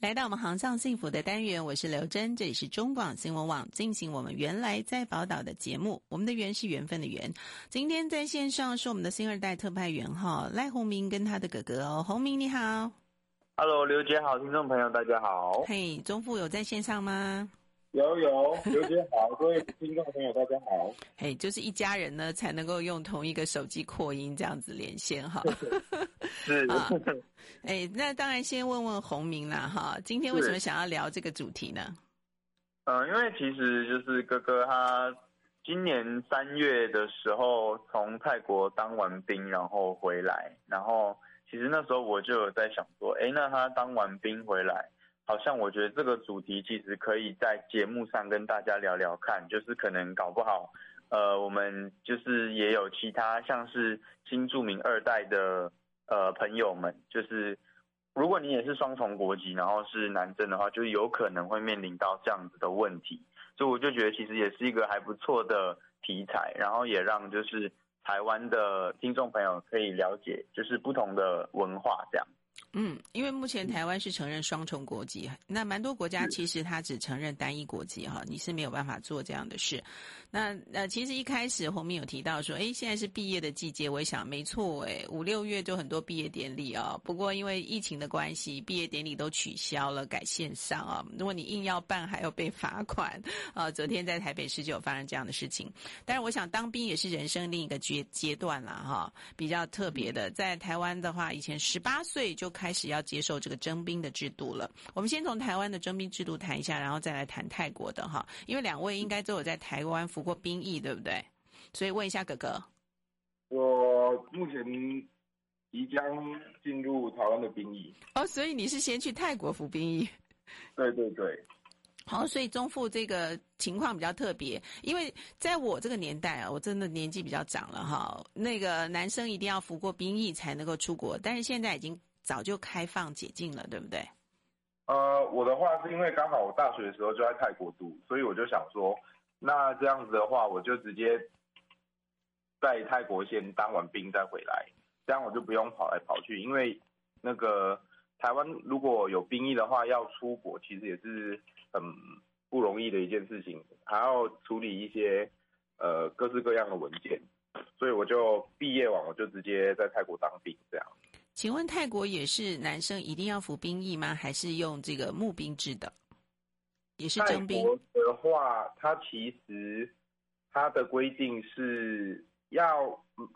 來到我們航向幸福的單元，我是劉楨，這裡是中廣新聞網進行我們緣來再寶島的節目。我們的緣是緣分的緣，今天在線上是我們的新二代特派員哈賴宏洺跟他的哥哥哦，宏洺你好，Hello，劉姐好，聽眾朋友大家好，嘿、hey,，宗富有在線上嗎？有有，劉姐好， 各位聽眾朋友，大家好。哎、hey,，就是一家人呢，才能夠用同一個手機擴音這樣子連線哈。 是的哎，hey, 那當然先問問宏洺了哈。今天為什麼想要聊這個主題呢？呃，因為其實就是哥哥他今年三月的時候從泰國當完兵，然後回來，然後其實那時候我就有在想說，哎、欸，那他當完兵回來。好像我覺得這個主題其實可以在節目上跟大家聊聊看，就是可能搞不好，呃，我們就是也有其他像是新住民二代的呃朋友們，就是如果你也是雙重國籍，然後是男生的話，就有可能會面臨到這樣子的問題，所以我就覺得其實也是一個還不錯的題材，然後也讓就是台灣的聽眾朋友可以了解就是不同的文化這樣。嗯，因為目前台灣是承認雙重國籍，那蠻多國家其實他只承認單一國籍哈、哦，你是沒有辦法做這樣的事。那呃，其實一開始宏洺有提到說，哎，現在是畢業的季節，我也想沒錯，哎，五六月就很多畢業典禮哦，不過因為疫情的關係，畢業典禮都取消了，改線上啊、哦。如果你硬要辦，還要被罰款啊、哦。昨天在台北市就有發生這樣的事情。但是我想當兵也是人生另一個階階段了、啊、哈、哦，比較特別的。在台灣的話，以前十八歲就開。開始要接受這個徵兵的制度了。我們先從台灣的徵兵制度談一下，然後再來談泰國的哈。因為兩位應該都有在台灣服過兵役，對不對？所以問一下哥哥，我目前即將進入台灣的兵役哦，所以你是先去泰國服兵役？對對對。好、哦，所以宗富這個情況比較特別，因為在我這個年代啊，我真的年紀比較長了哈。那個男生一定要服過兵役才能夠出國，但是現在已經。早就開放解禁了，對不對？呃，我的話是因為剛好我大學的時候就在泰國讀，所以我就想說，那這樣子的話，我就直接在泰國先當完兵再回來，這樣我就不用跑來跑去。因為那個台灣如果有兵役的話，要出國其實也是很不容易的一件事情，還要處理一些，呃，各式各樣的文件，所以我就畢業完我就直接在泰國當兵，這樣。請問泰國也是男生一定要服兵役嗎？還是用這個募兵制的？也是徵兵？泰國的話，他其實他的規定是要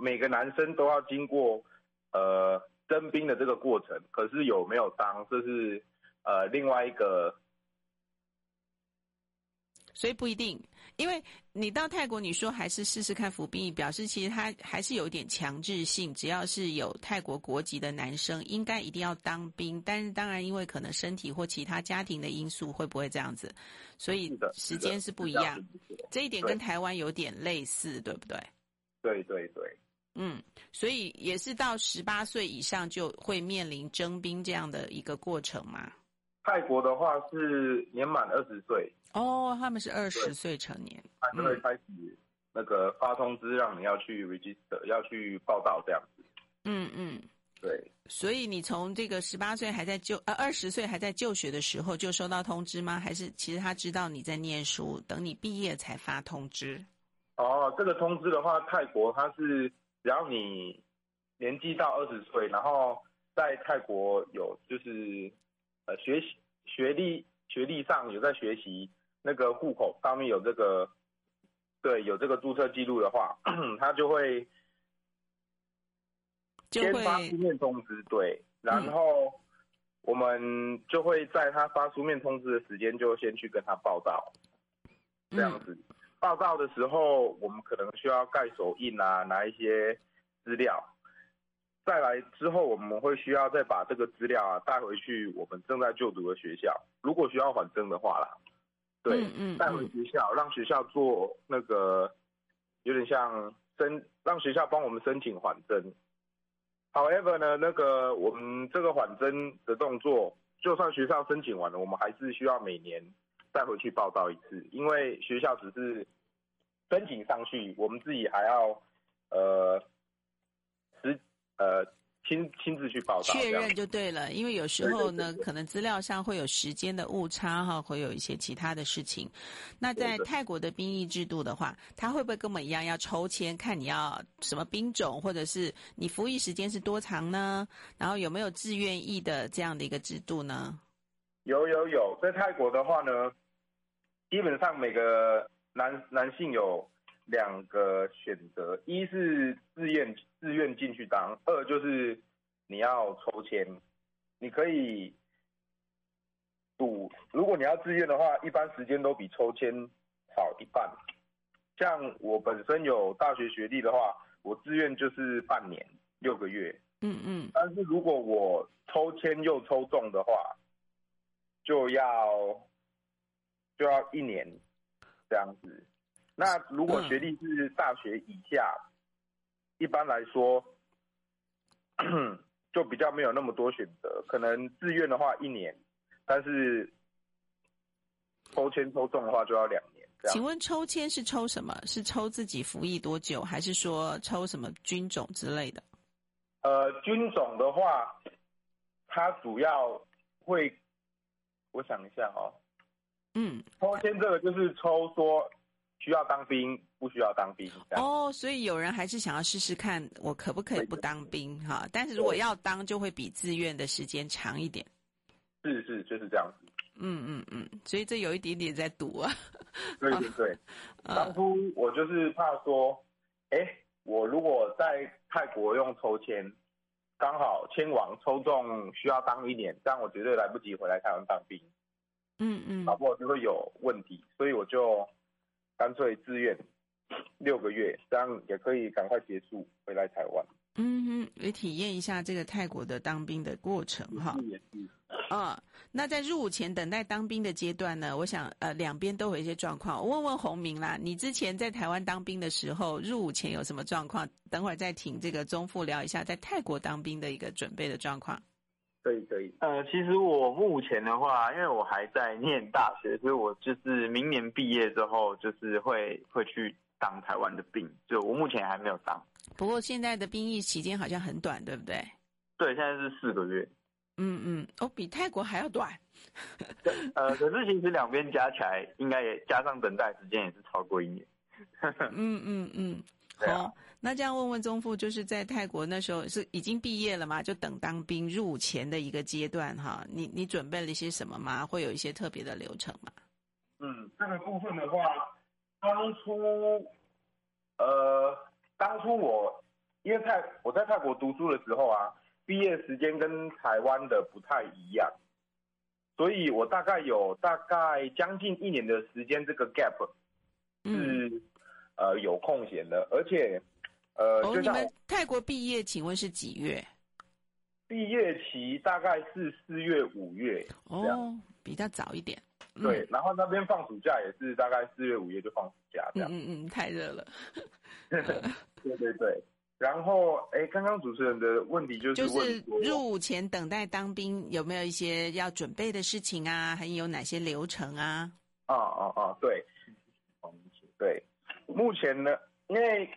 每個男生都要經過呃徵兵的這個過程，可是有沒有當這是呃另外一個，所以不一定。因為你到泰國，你說還是試試看服兵役，表示其實他還是有一點強制性。只要是有泰國國籍的男生，應該一定要當兵。但是當然，因為可能身體或其他家庭的因素，會不會這樣子？所以時間是不一樣。這一點跟台灣有點類似，對不對？對對對。嗯，所以也是到十八歲以上就會面臨徵兵這樣的一個過程嗎？泰國的話是年滿二十歲。哦，oh，他們是二十歲成年，他們會開始、嗯、那個發通知讓你要去 register，要去報到這樣子。嗯嗯，對。所以你從這個十八歲還在就呃二十歲還在就學的時候就收到通知嗎？還是其實他知道你在念書，等你畢業才發通知？哦，這個通知的話，泰國它是只要你年紀到二十歲，然後在泰國有就是呃學習學歷學歷上有在學習。那個戶口上面有這個，對，有這個註冊記錄的話，他就會先發書面通知，對，然後我們就會在他發書面通知的時間，就先去跟他報到。這樣子，嗯、報到的時候，我們可能需要蓋手印啊，拿一些資料。再來之後，我們會需要再把這個資料啊帶回去我們正在就讀的學校，如果需要緩徵的話啦。對，嗯，帶、嗯嗯、回學校，讓學校做那個，有點像申，讓學校幫我們申請緩徵。However 呢，那個我們這個緩徵的動作，就算學校申請完了，我們還是需要每年帶回去報到一次，因為學校只是申請上去，我們自己還要，呃，實，呃。親親自去報到確認就對了，因為有時候呢，可能資料上會有時間的誤差哈，會有一些其他的事情。那在泰國的兵役制度的話，他會不會跟我們一樣要抽籤，看你要什麼兵種，或者是你服役時間是多長呢？然後有沒有自願役的這樣的一個制度呢？有有有，在泰國的話呢，基本上每個男男性有兩個選擇，一是自願。自願進去當，二就是你要抽籤，你可以賭。如果你要自願的話，一般時間都比抽籤少一半。像我本身有大學學歷的話，我自願就是半年六個月。嗯嗯。但是如果我抽籤又抽中的話，就要就要一年這樣子。那如果學歷是大學以下，一般來說，就比較沒有那麼多選擇。可能自願的話一年，但是抽籤抽中的話就要兩年。請問抽籤是抽什麼？是抽自己服役多久，還是說抽什麼軍種之類的？呃，軍種的話，它主要會，我想一下哦，嗯，抽籤這個就是抽說。需要當兵，不需要當兵，這樣。哦，所以有人還是想要試試看我可不可以不當兵哈，但是如果要當，就會比自願的時間長一點。是是，就是這樣子。嗯嗯嗯，所以這有一點點在賭啊。對對對，老公，我就是怕說，哎、啊欸，我如果在泰國用抽籤，剛好籤王抽中需要當一年，這樣我絕對來不及回來台灣當兵。嗯嗯，不我就會有問題，所以我就。乾脆自願，六個月，這樣也可以趕快結束，回來台灣。嗯，哼，也體驗一下這個泰國的當兵的過程哈。嗯，啊、哦，那在入伍前等待當兵的階段呢？我想，呃，兩邊都有一些狀況。問問宏洺啦，你之前在台灣當兵的時候，入伍前有什麼狀況？等會兒再請這個宗富聊一下，在泰國當兵的一個準備的狀況。可以可以，呃，其實我目前的話，因為我還在念大學，所以我就是明年畢業之後，就是會會去當台灣的兵，就我目前還沒有當。不過現在的兵役期間好像很短，對不對？對，現在是四個月。嗯嗯，哦，比泰國還要短 呃，可是其實兩邊加起來，應該也加上等待時間也是超過一年。 嗯嗯嗯、啊，好。那這樣問問宗富，就是在泰國那時候是已經畢業了嗎？就等當兵入伍前的一個階段哈，你你準備了一些什麼嗎？會有一些特別的流程嗎？嗯，這個部分的話，當初呃，當初我因為泰我在泰國讀書的時候啊，畢業時間跟台灣的不太一樣，所以我大概有大概將近一年的時間這個 gap 是、嗯、呃有空閒的，而且。呃，哦，你們泰國畢業，請問是幾月？畢業期大概是四月、五月哦，比較早一點，嗯。對，然後那邊放暑假也是大概四月、五月就放暑假，這樣，嗯嗯，太熱了。 對對對，然後，哎，剛剛主持人的問題就是，就是入伍前等待當兵有沒有一些要準備的事情啊？還有哪些流程啊？哦哦哦，對，對，目前呢，因為，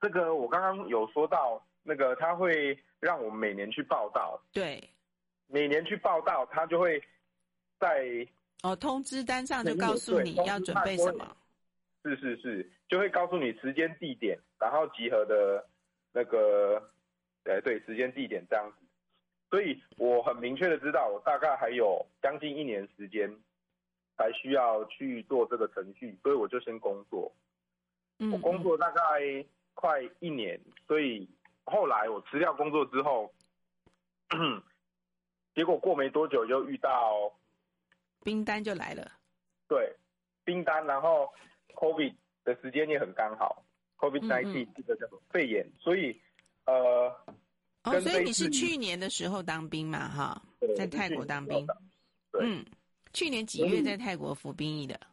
這個我剛剛有說到，那個他會讓我們每年去報到。對，每年去報到，他就會在哦通知單上就告訴你要準備什麼。是是是，就會告訴你時間地點，然後集合的，那個，呃，對，時間地點這樣子。所以我很明確的知道，我大概還有將近一年時間還需要去做這個程序，所以我就先工作。嗯，嗯，我工作大概。快一年，所以後來我辭掉工作之後，呵呵結果過沒多久就遇到冰單就來了。對，冰單，然後 COVID 的時間也很剛好，COVID n i n e t 這個叫麼肺炎，所以呃，哦，所以你是去年的時候當兵嘛？哈，在泰國當兵對。嗯，去年幾月在泰國服兵役的？嗯、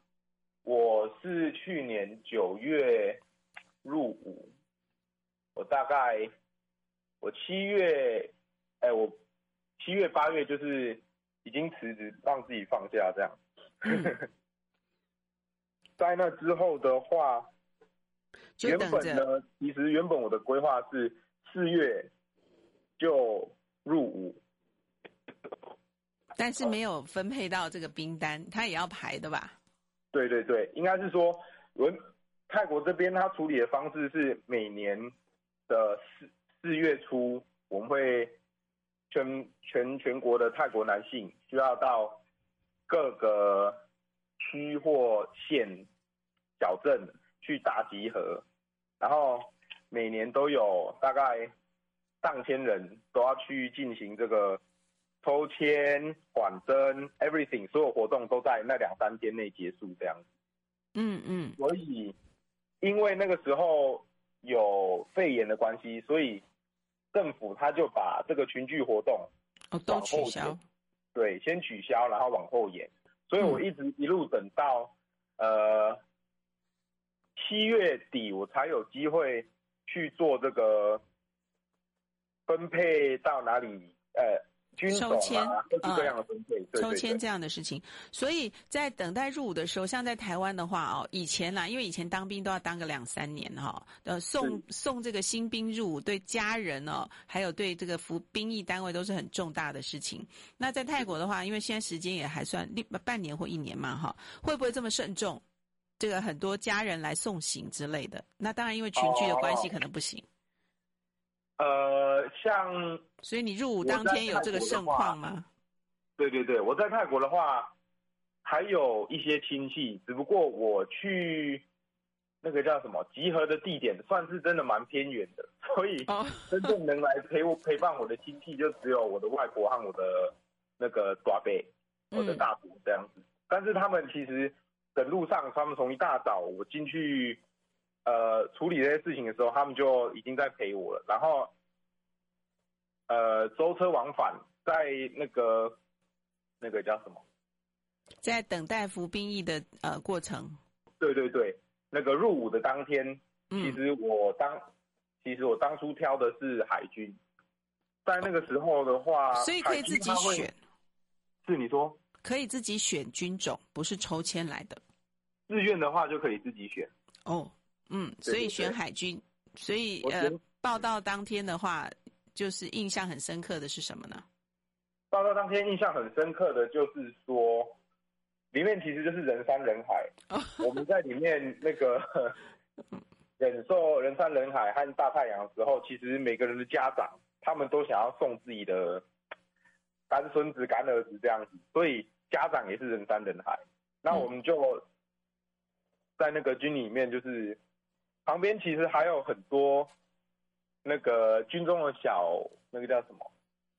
我是去年九月入伍。我大概，我七月，哎、欸，我七月八月就是已經辭職，讓自己放假這樣。嗯、 在那之後的話就等著，原本呢，其實原本我的規劃是四月就入伍，但是沒有分配到這個兵單，嗯、他也要排的吧？對對對，應該是說，我泰國這邊他處理的方式是每年。的四四月初，我們會全全全國的泰國男性就要到各個區或縣、小鎮去大集合，然後每年都有大概上千人都要去進行這個抽籤、緩徵、everything，所有活動都在那兩三天內結束這樣子。嗯嗯，所以因為那個時候。有肺炎的關係，所以政府他就把這個群聚活動往後延、哦、都取消對，先取消，然後往後延。所以我一直一路等到，嗯、呃，七月底，我才有機會去做這個分配到哪裡，呃抽籤、啊，抽籤這、嗯、這樣的事情，所以在等待入伍的時候，像在台灣的話哦，以前啦，因為以前當兵都要當個兩三年哈，呃，送送這個新兵入伍，對家人哦，還有對這個服兵役單位都是很重大的事情。那在泰國的話，因為現在時間也還算半半年或一年嘛哈、哦，會不會這麼慎重？這個很多家人來送行之類的，那當然因為群聚的關係可能不行。哦哦哦呃，像，所以你入伍當天有這個盛況嗎？對對對，我在泰國的話，還有一些親戚，只不過我去那個叫什麼集合的地點，算是真的蠻偏遠的，所以真正能來陪我 陪伴我的親戚，就只有我的外婆和我的那個大伯，我的大伯這樣子。嗯，但是他們其實的路上，他們從一大早我進去。呃，處理這些事情的時候，他們就已經在陪我了。然後，呃，舟車往返，在那個，那個叫什麼，在等待服兵役的呃過程。對對對，那個入伍的當天，其實我當、嗯，其實我當初挑的是海軍，在那個時候的話，哦、所以可以自己選。是你說可以自己選軍種，不是抽籤來的？自願的話就可以自己選哦。嗯，所以選海軍，對對對，所以呃，報到當天的話，就是印象很深刻的是什麼呢？報到當天印象很深刻的就是說，裡面其實就是人山人海。Oh、我們在裡面那個 忍受人山人海和大太陽的時候，其實每個人的家長他們都想要送自己的乾孫子、乾兒子這樣子，所以家長也是人山人海。那我們就在那個軍裡面就是。嗯旁邊其實還有很多，那個軍中的小，那個叫什麼，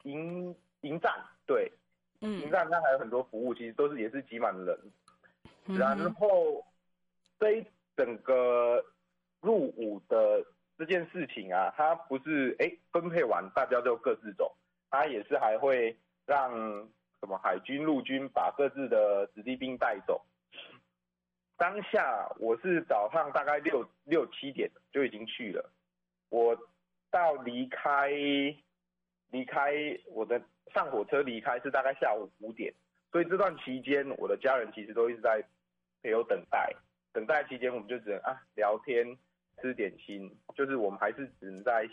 營？營站對，營站那還有很多服務，其實都是也是擠滿了人。然後、嗯、這一整個入伍的這件事情啊，它不是哎，欸、分配完大家就各自走，它也是還會讓什麼海軍、陸軍把各自的子弟兵帶走。當下我是早上大概六六七點就已經去了，我到離開、離開我的上火車離開是大概下午五點，所以這段期間我的家人其實都一直在陪我等待，等待期間我們就只能啊聊天吃點心，就是我們還是只能在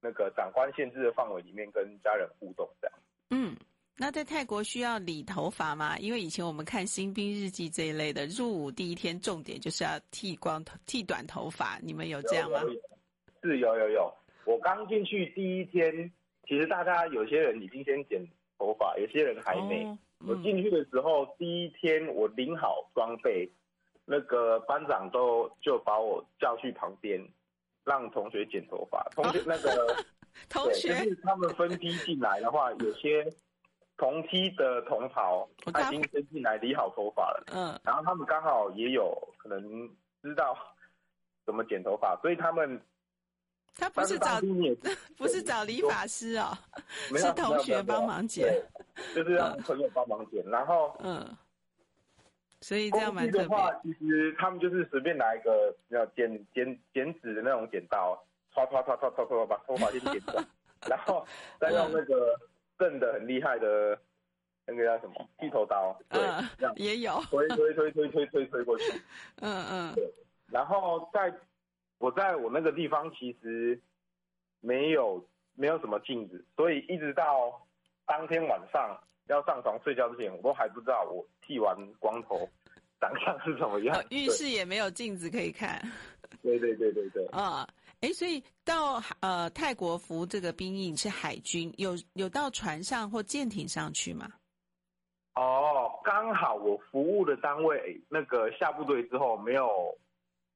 那個長官限制的範圍裡面跟家人互動這樣。嗯。那在泰國需要理頭髮嗎？因為以前我們看《新兵日記》這一類的，入伍第一天重點就是要剃光頭，剃短頭髮。你們有這樣嗎？是，有，有，有，有。我剛進去第一天，其實大家有些人已經先剪頭髮，有些人還沒，哦嗯。我進去的時候，第一天我領好裝備，那個班長都就把我叫去旁邊，讓同學剪頭髮。同學，哦、那個， 同學、對、就是、他們分批進來的話，有些。同期的同袍他已經先進來理好頭髮了。嗯，然後他們剛好也有可能知道怎麼剪頭髮，所以他們他不是找不是找理髮師哦，是同學幫忙剪，就是讓朋友幫忙剪。然後嗯，所以這樣蠻特別的話，其實他們就是隨便拿一個要剪剪剪紙的那種剪刀，唰唰唰唰唰把頭髮先剪斷。然後再用那個。震得很厲害的，那個叫什麼剃頭刀？Uh, 對，也有推推，推推推推推推過去。 嗯嗯對。然後在我在我那個地方，其實沒有沒有什麼鏡子，所以一直到當天晚上要上床睡覺之前，我都還不知道我剃完光頭長相是什麼樣、 哦。浴室也沒有鏡子可以看。對對對對對。啊。對對對 uh. 哎，所以到呃泰國服這個兵役是海軍，有有到船上或艦艇上去嗎？哦，剛好我服務的單位那個下部隊之後沒有，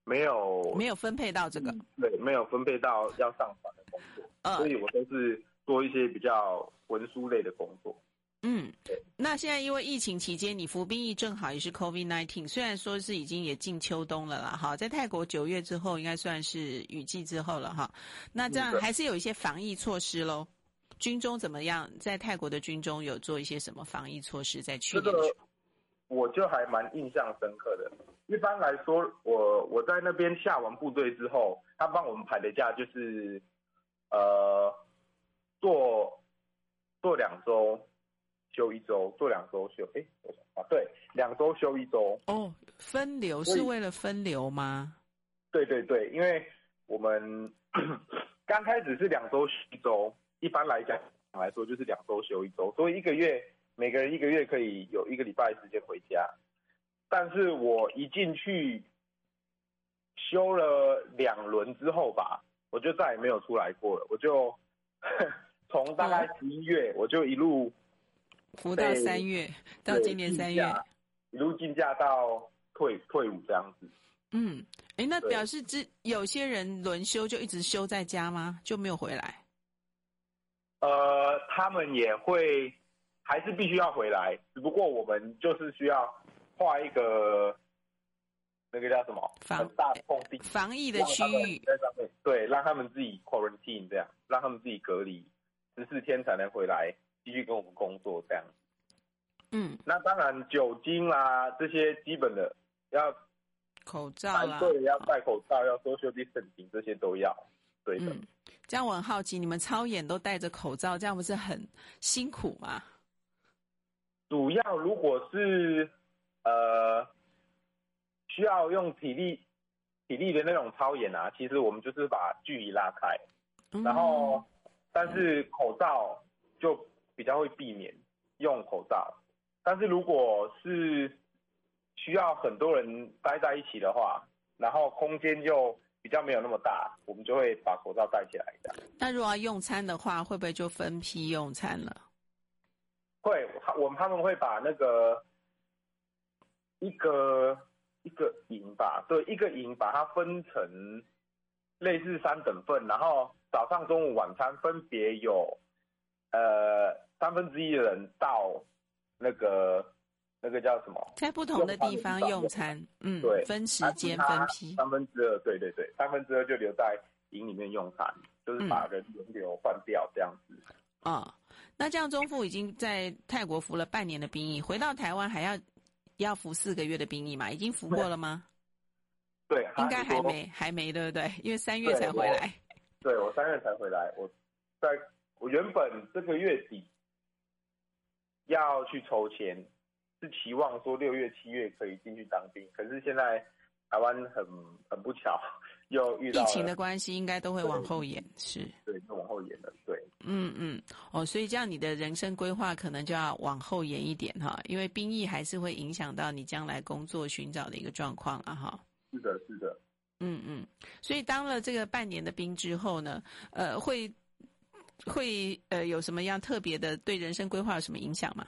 沒有，沒有分配到這個，對，沒有分配到要上船的工作，哦，所以我都是做一些比較文書類的工作。嗯，對。那現在因為疫情期間，你服兵役正好也是 COVID-19，雖然說是已經也進秋冬了了，哈，在泰國九月之後應該算是雨季之後了哈。那這樣還是有一些防疫措施嘍。軍中怎麼樣？在泰國的軍中有做一些什麼防疫措施在去年？我就還蠻印象深刻的。一般來說，我我在那邊下完部隊之後，他幫我們排的假就是呃，做做兩周。休一周，做兩週休，哎、欸，我想，啊，對，兩週休一周。哦、oh，分流是為了分流嗎？對對對，因為我們剛開始是兩週休一周，一般來講來說就是兩週休一周，所以一個月每個人一個月可以有一個禮拜時間回家。但是我一進去休了兩輪之後吧，我就再也沒有出來過了。我就從大概十一月，我就一路。Oh. 不到三月，到今年三月，如今假到退退伍這樣子。嗯，哎、欸，那表示之有些人輪休就一直休在家嗎？就沒有回來？呃，他們也會，還是必須要回來，只不過我們就是需要畫一個那個叫什麼？防大防疫的區域在上面，對，讓他們自己 quarantine 這樣，讓他們自己隔離十四天才能回來。繼續跟我們工作這樣，嗯，那當然酒精啦、啊，這些基本的要口罩啦，對，要戴口罩，要 social distancing，這些都要。對的。嗯、這樣我很好奇，你們操演都戴着口罩，這樣不是很辛苦嗎？主要如果是呃需要用體力體力的那種操演啊，其實我們就是把距離拉開，嗯、然後但是口罩就。嗯比較會避免用口罩，但是如果是需要很多人待在一起的話，然後空間又比較沒有那麼大，我們就會把口罩戴起來，但那如果用餐的話，會不會就分批用餐了？會，我們他們會把那個一個一個營吧，對，一個營把它分成類似三等份，然後早上、中午、晚餐分別有，呃。三分之一的人到，那個，那個叫什麼？在不同的地方用餐，用餐。嗯，對，分時間分批，三分之二，對對對，三分之二就留在營裡面用餐，就是把人輪流換掉這樣子，嗯。哦，那這樣宗富已經在泰國服了半年的兵役，回到台灣還要要服四個月的兵役嘛？已經服過了嗎？對，對啊，應該還沒還沒，對不對？因為三月才回來。對，我，對我三月才回來，我在我原本這個月底。要去抽籤，是期望說六月、七月可以進去當兵，可是現在台灣很很不巧，又遇到疫情的關係，應該都會往後延。是，對，往後延的，對，嗯嗯，哦，所以這樣你的人生規劃可能就要往後延一點哈，因為兵役還是會影響到你將來工作尋找的一個狀況啊。哈。是的，是的，嗯嗯，所以當了這個半年的兵之後呢，呃，會。會呃有什麼樣特別的，對人生規劃有什麼影響嗎？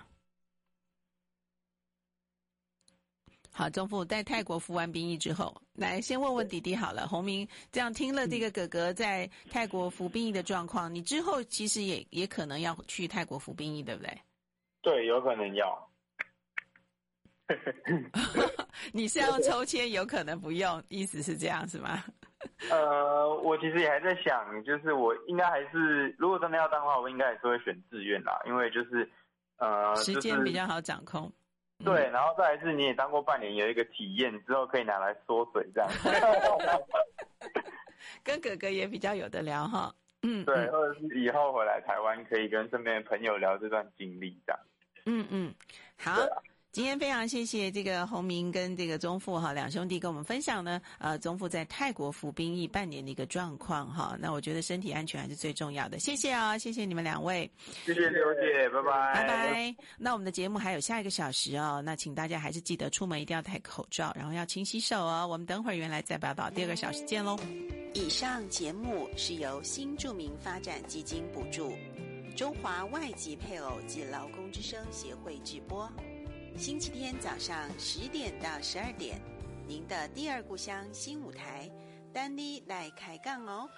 好，宗富在泰國服完兵役之後，來先問問弟弟好了。宏洺這樣聽了這個哥哥在泰國服兵役的狀況，你之後其實也也可能要去泰國服兵役，對不對？對，有可能要。 你是要抽籤，有可能不用，意思是這樣是嗎？呃，我其實也還在想，就是我應該還是，如果真的要當的話，我應該也是會選志願啦，因為就是，呃，時間、就是、比較好掌控。對，嗯、然後再來是，你也當過半年，有一個體驗之後，可以拿來縮水這樣。 跟哥哥也比較有得聊哈、哦，嗯，嗯，對，或者是以後回來台灣，可以跟身邊的朋友聊這段經歷這樣。嗯嗯，好。今天非常謝謝這個宏洺跟這個宗富，哈兩兄弟跟我們分享呢，呃，宗富在泰國服兵役半年的一個狀況哈，那我覺得身體安全還是最重要的，謝謝啊、哦，謝謝你們兩位，謝謝劉姐拜拜，拜拜，拜拜。那我們的節目還有下一個小時哦，那請大家還是記得出門一定要戴口罩，然後要勤洗手哦。我們等會兒原來再報道，第二個小時見嘍。以上節目是由新住民發展基金補助，中華外籍配偶及勞工之聲協會直播。星期天早上十點到十二點，您的第二故鄉新舞台，丹妮來開槓哦。